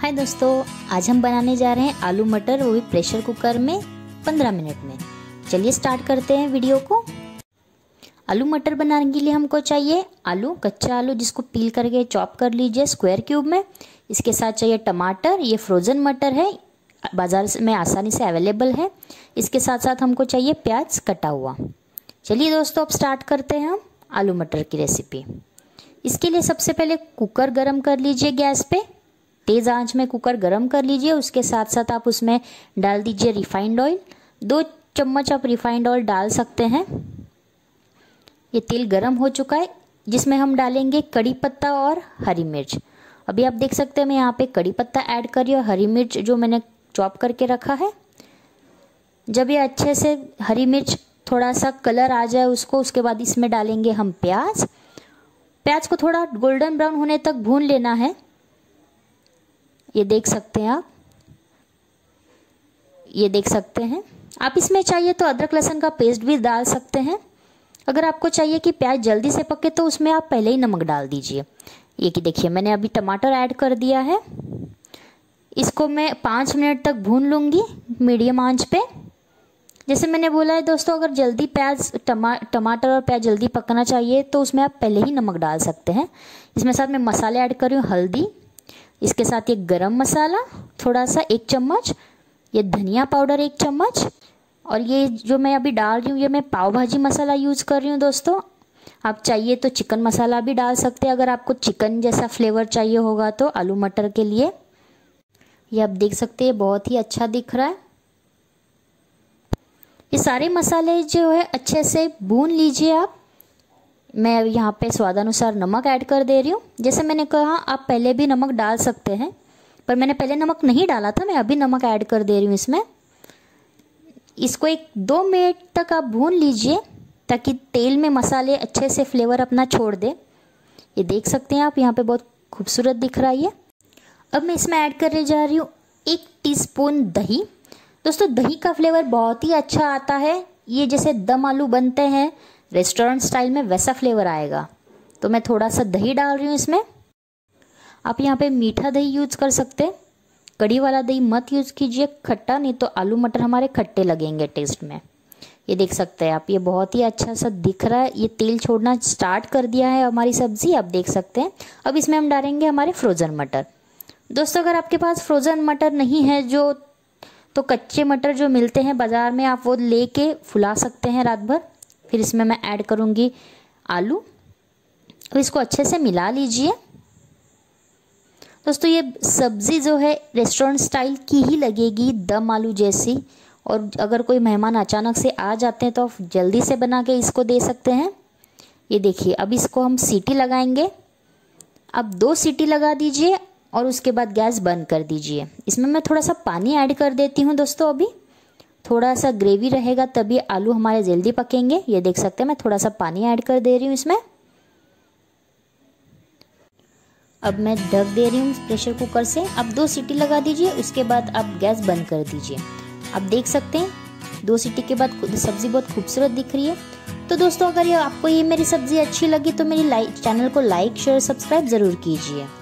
हाय दोस्तों आज हम बनाने जा रहे हैं आलू मटर वो भी प्रेशर कुकर में 15 मिनट में चलिए स्टार्ट करते हैं वीडियो को आलू मटर बनाने के लिए हमको चाहिए आलू कच्चा आलू जिसको पील करके चॉप कर लीजिए स्क्वायर क्यूब में इसके साथ चाहिए टमाटर ये फ्रोज़न मटर है बाज़ार में आसानी से अवेलेबल है इसके साथ साथ हमको चाहिए प्याज कटा हुआ चलिए दोस्तों अब स्टार्ट करते हैं हम आलू मटर की रेसिपी इसके लिए सबसे पहले कुकर गरम कर लीजिए गैस पे तेज़ आंच में कुकर गर्म कर लीजिए उसके साथ साथ आप उसमें डाल दीजिए रिफाइंड ऑयल दो चम्मच आप रिफाइंड ऑयल डाल सकते हैं ये तेल गर्म हो चुका है जिसमें हम डालेंगे कड़ी पत्ता और हरी मिर्च अभी आप देख सकते हैं मैं यहाँ पे कड़ी पत्ता ऐड रही और हरी मिर्च जो मैंने चॉप करके रखा है जब ये अच्छे से हरी मिर्च थोड़ा सा कलर आ जाए उसको उसके बाद इसमें डालेंगे हम प्याज प्याज को थोड़ा गोल्डन ब्राउन होने तक भून लेना है ये देख सकते हैं आप ये देख सकते हैं आप इसमें चाहिए तो अदरक लहसुन का पेस्ट भी डाल सकते हैं अगर आपको चाहिए कि प्याज जल्दी से पके तो उसमें आप पहले ही नमक डाल दीजिए ये कि देखिए मैंने अभी टमाटर ऐड कर दिया है इसको मैं पाँच मिनट तक भून लूँगी मीडियम आंच पे जैसे मैंने बोला है दोस्तों अगर जल्दी प्याज टमा टमाटर और प्याज जल्दी पकना चाहिए तो उसमें आप पहले ही नमक डाल सकते हैं इसमें साथ में मसाले ऐड कर रही हूँ हल्दी इसके साथ ये गरम मसाला थोड़ा सा एक चम्मच ये धनिया पाउडर एक चम्मच और ये जो मैं अभी डाल रही हूँ ये मैं पाव भाजी मसाला यूज़ कर रही हूँ दोस्तों आप चाहिए तो चिकन मसाला भी डाल सकते हैं अगर आपको चिकन जैसा फ्लेवर चाहिए होगा तो आलू मटर के लिए ये आप देख सकते हैं बहुत ही अच्छा दिख रहा है ये सारे मसाले जो है अच्छे से भून लीजिए आप मैं यहाँ पे स्वादानुसार नमक ऐड कर दे रही हूँ जैसे मैंने कहा आप पहले भी नमक डाल सकते हैं पर मैंने पहले नमक नहीं डाला था मैं अभी नमक ऐड कर दे रही हूँ इसमें इसको एक दो मिनट तक आप भून लीजिए ताकि तेल में मसाले अच्छे से फ्लेवर अपना छोड़ दे ये देख सकते हैं आप यहाँ पे बहुत खूबसूरत दिख रहा है ये अब मैं इसमें ऐड करने जा रही हूँ एक टीस्पून दही दोस्तों दही का फ्लेवर बहुत ही अच्छा आता है ये जैसे दम आलू बनते हैं रेस्टोरेंट स्टाइल में वैसा फ्लेवर आएगा तो मैं थोड़ा सा दही डाल रही हूँ इसमें आप यहाँ पे मीठा दही यूज़ कर सकते हैं कड़ी वाला दही मत यूज़ कीजिए खट्टा नहीं तो आलू मटर हमारे खट्टे लगेंगे टेस्ट में ये देख सकते हैं आप ये बहुत ही अच्छा सा दिख रहा है ये तेल छोड़ना स्टार्ट कर दिया है हमारी सब्ज़ी आप देख सकते हैं अब इसमें हम डालेंगे हमारे फ्रोज़न मटर दोस्तों अगर आपके पास फ्रोज़न मटर नहीं है जो तो कच्चे मटर जो मिलते हैं बाज़ार में आप वो ले फुला सकते हैं रात भर फिर इसमें मैं ऐड करूँगी आलू और इसको अच्छे से मिला लीजिए दोस्तों ये सब्ज़ी जो है रेस्टोरेंट स्टाइल की ही लगेगी दम आलू जैसी और अगर कोई मेहमान अचानक से आ जाते हैं तो आप जल्दी से बना के इसको दे सकते हैं ये देखिए अब इसको हम सीटी लगाएंगे अब दो सीटी लगा दीजिए और उसके बाद गैस बंद कर दीजिए इसमें मैं थोड़ा सा पानी ऐड कर देती हूँ दोस्तों अभी थोड़ा सा ग्रेवी रहेगा तभी आलू हमारे जल्दी पकेंगे ये देख सकते हैं मैं थोड़ा सा पानी ऐड कर दे रही हूँ इसमें अब मैं ढक दे रही हूँ प्रेशर कुकर से अब दो सीटी लगा दीजिए उसके बाद आप गैस बंद कर दीजिए आप देख सकते हैं दो सीटी के बाद सब्ज़ी बहुत खूबसूरत दिख रही है तो दोस्तों अगर ये आपको ये मेरी सब्ज़ी अच्छी लगी तो मेरी लाइक चैनल को लाइक शेयर सब्सक्राइब ज़रूर कीजिए